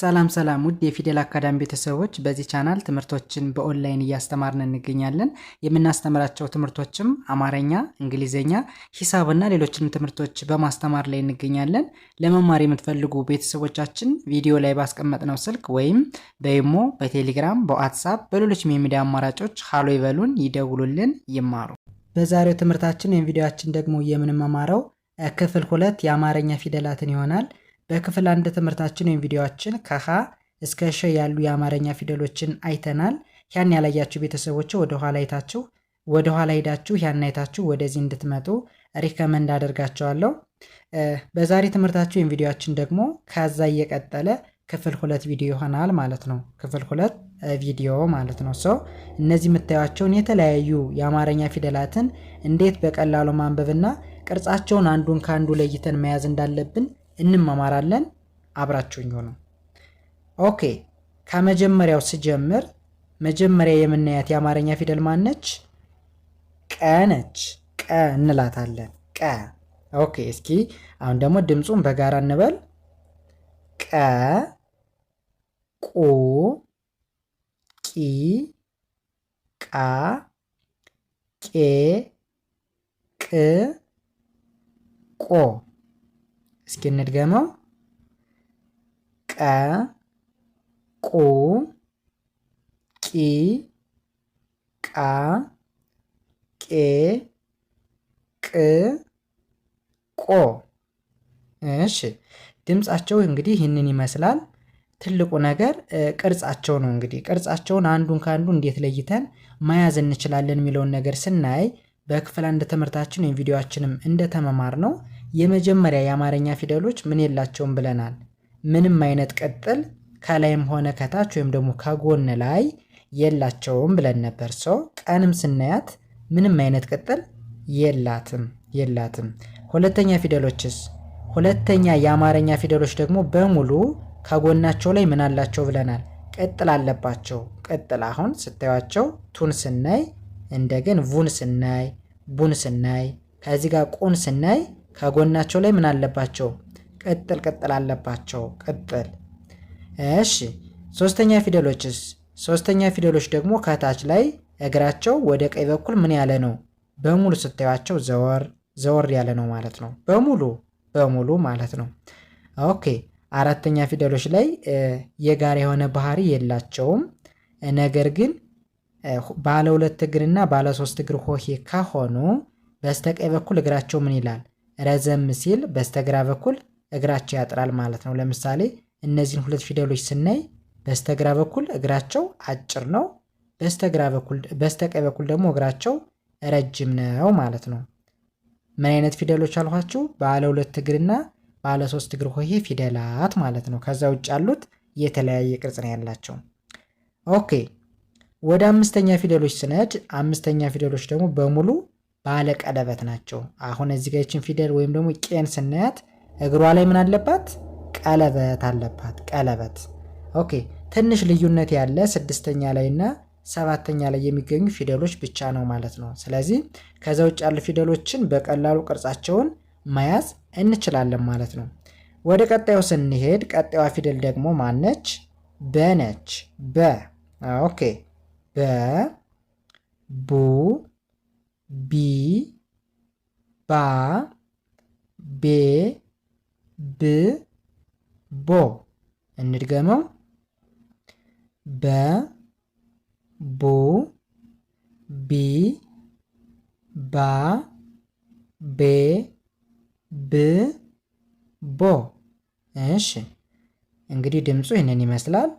ሰላም ሰላም ውድ የፊደል አካዳሚ ቤተሰቦች፣ በዚህ ቻናል ትምህርቶችን በኦንላይን እያስተማርን እንገኛለን። የምናስተምራቸው ትምህርቶችም አማርኛ፣ እንግሊዝኛ፣ ሂሳብና ሌሎችንም ትምህርቶች በማስተማር ላይ እንገኛለን። ለመማር የምትፈልጉ ቤተሰቦቻችን ቪዲዮ ላይ ባስቀመጥነው ስልክ ወይም በይሞ በቴሌግራም በዋትሳፕ በሌሎችም የሚዲያ አማራጮች ሀሎ ይበሉን፣ ይደውሉልን፣ ይማሩ። በዛሬው ትምህርታችን ወይም ቪዲዮችን ደግሞ የምንመማረው ክፍል ሁለት የአማርኛ ፊደላትን ይሆናል። በክፍል አንድ ትምህርታችን ወይም ቪዲዮችን ከሀ እስከ ሸ ያሉ የአማርኛ ፊደሎችን አይተናል። ያን ያላያችሁ ቤተሰቦች ወደ ኋላ አይታችሁ ወደ ኋላ ሄዳችሁ ያን አይታችሁ ወደዚህ እንድትመጡ ሪከመንድ አደርጋቸዋለሁ። በዛሬ ትምህርታችሁ ወይም ቪዲዮችን ደግሞ ከዛ እየቀጠለ ክፍል ሁለት ቪዲዮ ይሆናል ማለት ነው። ክፍል ሁለት ቪዲዮ ማለት ነው። ሰው እነዚህ የምታዩቸውን የተለያዩ የአማርኛ ፊደላትን እንዴት በቀላሉ ማንበብና ቅርጻቸውን አንዱን ከአንዱ ለይተን መያዝ እንዳለብን እንማማራለን። አብራችሁኝ ሆነው። ኦኬ ከመጀመሪያው ስጀምር መጀመሪያ የምናያት የአማርኛ ፊደል ማነች? ቀ ነች። ቀ እንላታለን። ቀ ኦኬ። እስኪ አሁን ደግሞ ድምፁን በጋራ እንበል። ቀ ቁ ቂ ቃ ቄ ቅ ቆ እስኪ እንድገመው። ቀ ቁ ቂ ቃ ቄ ቅ ቆ። እሺ ድምጻቸው እንግዲህ ይህንን ይመስላል። ትልቁ ነገር ቅርጻቸው ነው። እንግዲህ ቅርጻቸውን አንዱን ከአንዱ እንዴት ለይተን መያዝ እንችላለን የሚለውን ነገር ስናይ በክፍል አንድ ትምህርታችን ወይም ቪዲዮችንም እንደተመማር ነው የመጀመሪያ የአማርኛ ፊደሎች ምን የላቸውም ብለናል። ምንም አይነት ቅጥል ከላይም ሆነ ከታች ወይም ደግሞ ከጎን ላይ የላቸውም ብለን ነበር። ሰው ቀንም ስናያት ምንም አይነት ቅጥል የላትም የላትም። ሁለተኛ ፊደሎችስ? ሁለተኛ የአማርኛ ፊደሎች ደግሞ በሙሉ ከጎናቸው ላይ ምን አላቸው ብለናል? ቅጥል አለባቸው። ቅጥል አሁን ስታዩቸው ቱን ስናይ እንደገን ቡን ስናይ ቡን ስናይ ከዚህ ጋር ቁን ስናይ ከጎናቸው ላይ ምን አለባቸው? ቅጥል ቅጥል አለባቸው። ቅጥል። እሺ ሶስተኛ ፊደሎችስ? ሶስተኛ ፊደሎች ደግሞ ከታች ላይ እግራቸው ወደ ቀኝ በኩል ምን ያለ ነው? በሙሉ ስታዩቸው ዘወር ዘወር ያለ ነው ማለት ነው። በሙሉ በሙሉ ማለት ነው። ኦኬ አራተኛ ፊደሎች ላይ የጋራ የሆነ ባህሪ የላቸውም። ነገር ግን ባለ ሁለት እግርና ባለ ሶስት እግር ሆሄ ከሆኑ በስተቀኝ በኩል እግራቸው ምን ይላል? ረዘም ሲል በስተግራ በኩል እግራቸው ያጥራል ማለት ነው። ለምሳሌ እነዚህን ሁለት ፊደሎች ስናይ በስተግራ በኩል እግራቸው አጭር ነው፣ በኩል በስተቀኝ በኩል ደግሞ እግራቸው ረጅም ነው ማለት ነው። ምን አይነት ፊደሎች አልኋችሁ? ባለ ሁለት እግርና ባለ ሶስት እግር ሆሄ ፊደላት ማለት ነው። ከዛ ውጭ ያሉት የተለያየ ቅርጽ ነው ያላቸው። ኦኬ ወደ አምስተኛ ፊደሎች ስነድ አምስተኛ ፊደሎች ደግሞ በሙሉ ባለ ቀለበት ናቸው። አሁን እዚህ ጋር ይችን ፊደል ወይም ደግሞ ቄን ስናያት እግሯ ላይ ምን አለባት? ቀለበት አለባት። ቀለበት ኦኬ። ትንሽ ልዩነት ያለ ስድስተኛ ላይ እና ሰባተኛ ላይ የሚገኙ ፊደሎች ብቻ ነው ማለት ነው። ስለዚህ ከዛ ውጭ ያሉ ፊደሎችን በቀላሉ ቅርጻቸውን መያዝ እንችላለን ማለት ነው። ወደ ቀጣዩ ስንሄድ ቀጣዩዋ ፊደል ደግሞ ማነች? በነች። በ ኦኬ። በ ቡ ባ ቤ ብ ቦ እንድገመው በ ቦ ቢ ባ ቤ ብ ቦ። እሺ እንግዲህ ድምፁ ይህንን ይመስላል።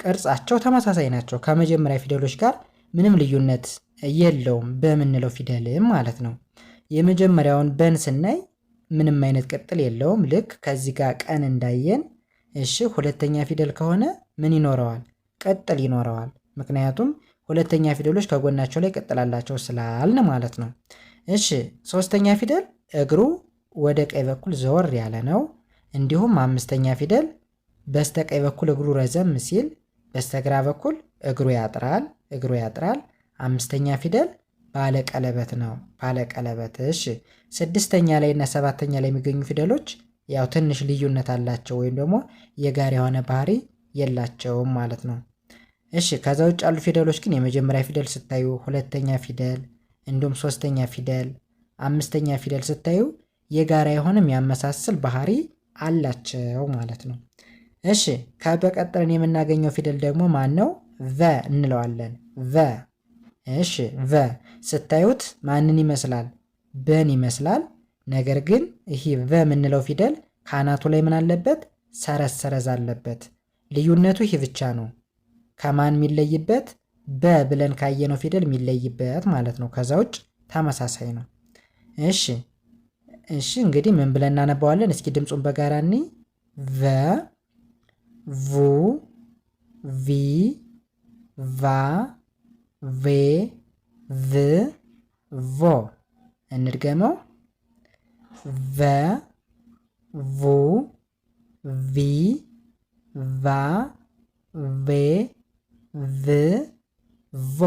ቅርጻቸው ተመሳሳይ ናቸው ከመጀመሪያ ፊደሎች ጋር ምንም ልዩነት የለውም በምንለው ፊደልም ማለት ነው። የመጀመሪያውን በን ስናይ ምንም አይነት ቅጥል የለውም። ልክ ከዚህ ጋር ቀን እንዳየን። እሺ ሁለተኛ ፊደል ከሆነ ምን ይኖረዋል? ቅጥል ይኖረዋል። ምክንያቱም ሁለተኛ ፊደሎች ከጎናቸው ላይ ቅጥል አላቸው ስላልን ማለት ነው። እሺ ሶስተኛ ፊደል እግሩ ወደ ቀኝ በኩል ዘወር ያለ ነው። እንዲሁም አምስተኛ ፊደል በስተቀኝ በኩል እግሩ ረዘም ሲል፣ በስተግራ በኩል እግሩ ያጥራል እግሩ ያጥራል። አምስተኛ ፊደል ባለቀለበት ቀለበት ነው። ባለቀለበት ቀለበት። እሺ ስድስተኛ ላይ እና ሰባተኛ ላይ የሚገኙ ፊደሎች ያው ትንሽ ልዩነት አላቸው ወይም ደግሞ የጋራ የሆነ ባህሪ የላቸውም ማለት ነው። እሺ ከዛ ውጭ ያሉ ፊደሎች ግን የመጀመሪያ ፊደል ስታዩ ሁለተኛ ፊደል እንዲሁም ሶስተኛ ፊደል አምስተኛ ፊደል ስታዩ የጋራ የሆነም ያመሳስል ባህሪ አላቸው ማለት ነው። እሺ ከበቀጥረን የምናገኘው ፊደል ደግሞ ማን ነው? ቨ እንለዋለን። ቨ እሺ ቨ ስታዩት ማንን ይመስላል? በን ይመስላል። ነገር ግን ይህ ቨ የምንለው ፊደል ከአናቱ ላይ ምን አለበት? ሰረዝ ሰረዝ አለበት። ልዩነቱ ይህ ብቻ ነው። ከማን የሚለይበት በ ብለን ካየነው ፊደል የሚለይበት ማለት ነው። ከዛ ውጭ ተመሳሳይ ነው። እሺ እሺ እንግዲህ ምን ብለን እናነባዋለን? እስኪ ድምፁን በጋራ እኒ ቨ ቡ ቪ ቫ ቬ ቭ ቮ እንድገመው ቨ ቮ ቪ ቫ ቬ ቭ ቮ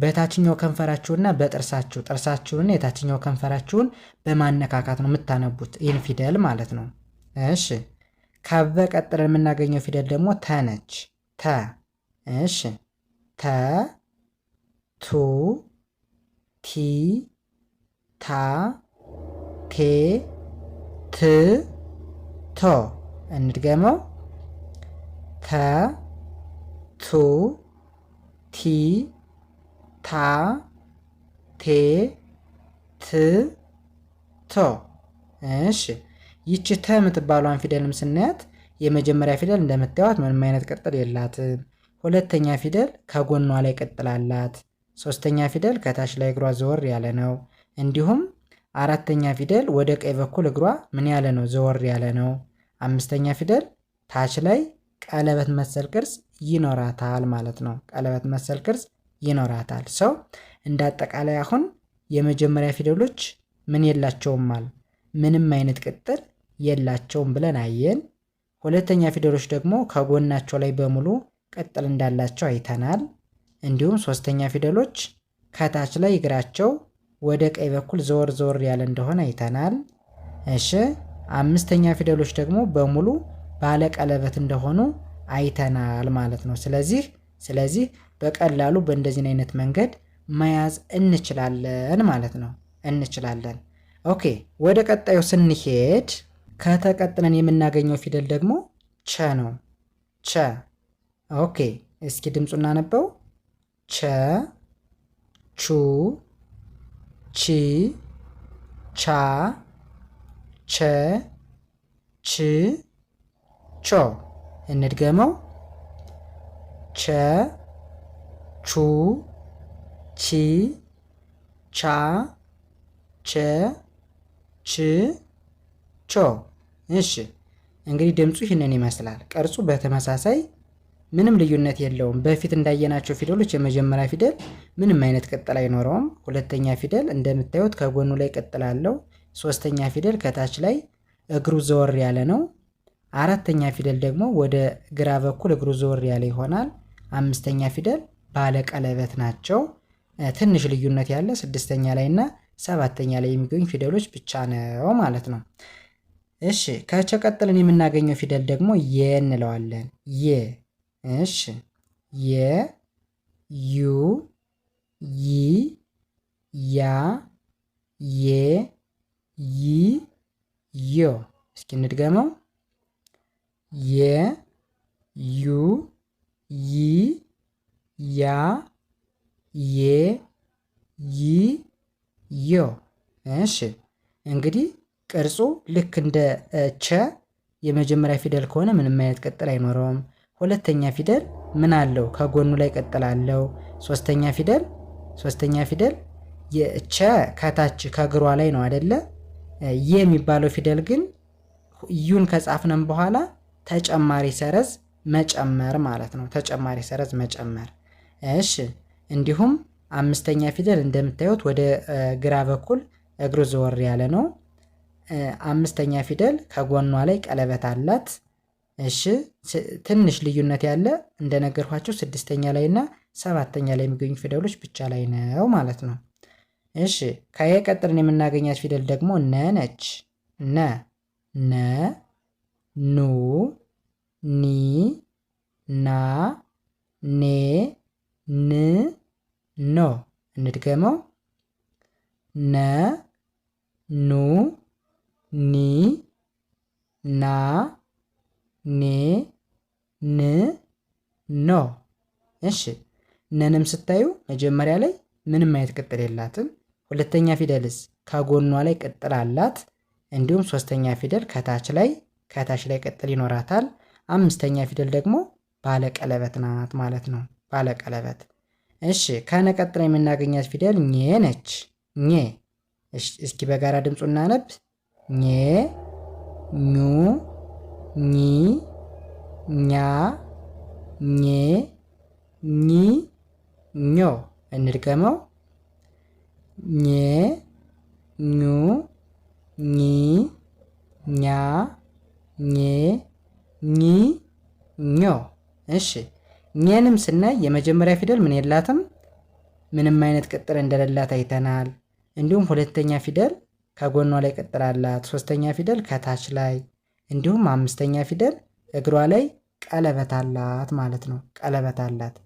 በታችኛው ከንፈራችሁና በጥርሳችሁ ጥርሳችሁን የታችኛው ከንፈራችሁን በማነካካት ነው የምታነቡት ይህን ፊደል ማለት ነው። እሺ ከበ ቀጥለን የምናገኘው ፊደል ደግሞ ተ ነች። ተ እሺ ተ ቱ ቲ ታ ቴ ት ቶ። እንድገመው ተ ቱ ቲ ታ ቴ ት ቶ። እሺ ይቺ ተ የምትባለዋን ፊደልም ስናያት የመጀመሪያ ፊደል እንደምታዩት ምንም አይነት ቅጥል የላትም። ሁለተኛ ፊደል ከጎኗ ላይ ቅጥላላት። ሶስተኛ ፊደል ከታች ላይ እግሯ ዘወር ያለ ነው። እንዲሁም አራተኛ ፊደል ወደ ቀኝ በኩል እግሯ ምን ያለ ነው? ዘወር ያለ ነው። አምስተኛ ፊደል ታች ላይ ቀለበት መሰል ቅርጽ ይኖራታል ማለት ነው። ቀለበት መሰል ቅርጽ ይኖራታል። ሰው እንደ አጠቃላይ አሁን የመጀመሪያ ፊደሎች ምን የላቸውም አል ምንም አይነት ቅጥል የላቸውም ብለን አየን። ሁለተኛ ፊደሎች ደግሞ ከጎናቸው ላይ በሙሉ ቅጥል እንዳላቸው አይተናል። እንዲሁም ሶስተኛ ፊደሎች ከታች ላይ እግራቸው ወደ ቀኝ በኩል ዘወር ዘወር ያለ እንደሆነ አይተናል። እሺ አምስተኛ ፊደሎች ደግሞ በሙሉ ባለ ቀለበት እንደሆኑ አይተናል ማለት ነው። ስለዚህ ስለዚህ በቀላሉ በእንደዚህን አይነት መንገድ መያዝ እንችላለን ማለት ነው እንችላለን። ኦኬ ወደ ቀጣዩ ስንሄድ ከተቀጥለን የምናገኘው ፊደል ደግሞ ቸ ነው። ቸ ኦኬ፣ እስኪ ድምፁ እናነበው። ቸ ቹ ቺ ቻ ቸ ች ቾ። እንድገመው። ቸ ቹ ቺ ቻ ቸ ች ቾ። እሺ እንግዲህ ድምፁ ይህንን ይመስላል። ቅርጹ በተመሳሳይ ምንም ልዩነት የለውም። በፊት እንዳየናቸው ፊደሎች የመጀመሪያ ፊደል ምንም አይነት ቅጥል አይኖረውም። ሁለተኛ ፊደል እንደምታዩት ከጎኑ ላይ ቅጥል አለው። ሶስተኛ ፊደል ከታች ላይ እግሩ ዘወር ያለ ነው። አራተኛ ፊደል ደግሞ ወደ ግራ በኩል እግሩ ዘወር ያለ ይሆናል። አምስተኛ ፊደል ባለ ቀለበት ናቸው። ትንሽ ልዩነት ያለ ስድስተኛ ላይ እና ሰባተኛ ላይ የሚገኙ ፊደሎች ብቻ ነው ማለት ነው። እሺ ከቸቀጥልን የምናገኘው ፊደል ደግሞ የ እንለዋለን። የ እሺ የ ዩ ይ ያ የ ይ ዮ እስኪ እንድገመው የ ዩ ይ ያ የ ይ ዮ እሺ እንግዲህ ቅርጹ ልክ እንደ ቸ የመጀመሪያ ፊደል ከሆነ ምንም አይነት ቅጥል አይኖረውም ሁለተኛ ፊደል ምን አለው? ከጎኑ ላይ ቀጥላለው። አለው። ሶስተኛ ፊደል ሶስተኛ ፊደል የቸ ከታች ከግሯ ላይ ነው አደለ? የሚባለው ፊደል ግን ዩን ከጻፍነን በኋላ ተጨማሪ ሰረዝ መጨመር ማለት ነው። ተጨማሪ ሰረዝ መጨመር። እሺ እንዲሁም አምስተኛ ፊደል እንደምታዩት ወደ ግራ በኩል እግሩ ዘወር ያለ ነው። አምስተኛ ፊደል ከጎኗ ላይ ቀለበት አላት። እሺ ትንሽ ልዩነት ያለ እንደነገርኳቸው ስድስተኛ ላይ እና ሰባተኛ ላይ የሚገኙ ፊደሎች ብቻ ላይ ነው ማለት ነው። እሺ ከየ ቀጥልን የምናገኛት ፊደል ደግሞ ነ ነች። ነ ነ ኑ ኒ ና ኔ ን ኖ። እንድገመው ነ ኑ ኒ ና ኔ ን ኖ። እሺ ነንም ስታዩ መጀመሪያ ላይ ምንም አይነት ቅጥል የላትም። ሁለተኛ ፊደልስ ከጎኗ ላይ ቅጥል አላት። እንዲሁም ሶስተኛ ፊደል ከታች ላይ ከታች ላይ ቅጥል ይኖራታል። አምስተኛ ፊደል ደግሞ ባለቀለበት ናት ማለት ነው። ባለቀለበት እሺ። ከነ ቀጥላ የምናገኛት ፊደል ኘ ነች። ኘ እስኪ በጋራ ድምፁ እናነብ ኘ ኙ ኒ ኛ ኜ ኚ ኞ እንድገመው ኜ ኙ ኚ ኛ ኜ ኚ ኞ እሺ ኘንም ስናይ የመጀመሪያ ፊደል ምን የላትም ምንም አይነት ቅጥል እንደሌላት አይተናል እንዲሁም ሁለተኛ ፊደል ከጎኗ ላይ ቅጥል አላት ሶስተኛ ፊደል ከታች ላይ እንዲሁም አምስተኛ ፊደል እግሯ ላይ ቀለበት አላት ማለት ነው። ቀለበት አላት።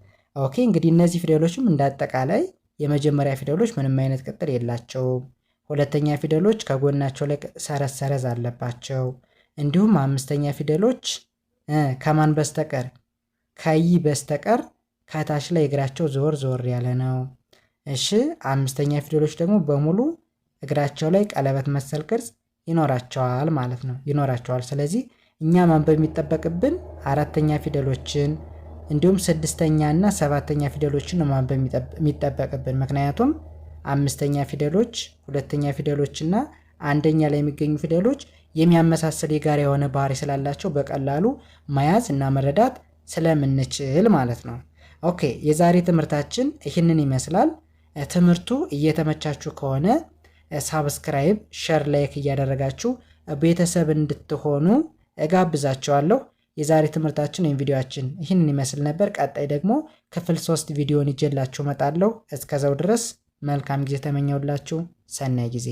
ኦኬ እንግዲህ እነዚህ ፊደሎችም እንዳጠቃላይ የመጀመሪያ ፊደሎች ምንም አይነት ቅጥል የላቸውም። ሁለተኛ ፊደሎች ከጎናቸው ላይ ሰረዝ ሰረዝ አለባቸው። እንዲሁም አምስተኛ ፊደሎች ከማን በስተቀር ከይ በስተቀር ከታች ላይ እግራቸው ዞር ዞር ያለ ነው። እሺ አምስተኛ ፊደሎች ደግሞ በሙሉ እግራቸው ላይ ቀለበት መሰል ቅርጽ ይኖራቸዋል ማለት ነው ይኖራቸዋል። ስለዚህ እኛ ማንበብ የሚጠበቅብን አራተኛ ፊደሎችን እንዲሁም ስድስተኛ እና ሰባተኛ ፊደሎችን ነው ማንበብ የሚጠበቅብን። ምክንያቱም አምስተኛ ፊደሎች፣ ሁለተኛ ፊደሎች እና አንደኛ ላይ የሚገኙ ፊደሎች የሚያመሳስል የጋራ የሆነ ባህሪ ስላላቸው በቀላሉ መያዝ እና መረዳት ስለምንችል ማለት ነው። ኦኬ የዛሬ ትምህርታችን ይህንን ይመስላል። ትምህርቱ እየተመቻችሁ ከሆነ ሳብስክራይብ፣ ሸር፣ ላይክ እያደረጋችሁ ቤተሰብ እንድትሆኑ እጋብዛችኋለሁ። የዛሬ ትምህርታችን ወይም ቪዲዮችን ይህንን ይመስል ነበር። ቀጣይ ደግሞ ክፍል ሶስት ቪዲዮን ይዤላችሁ እመጣለሁ። እስከዛው ድረስ መልካም ጊዜ ተመኘውላችሁ። ሰናይ ጊዜ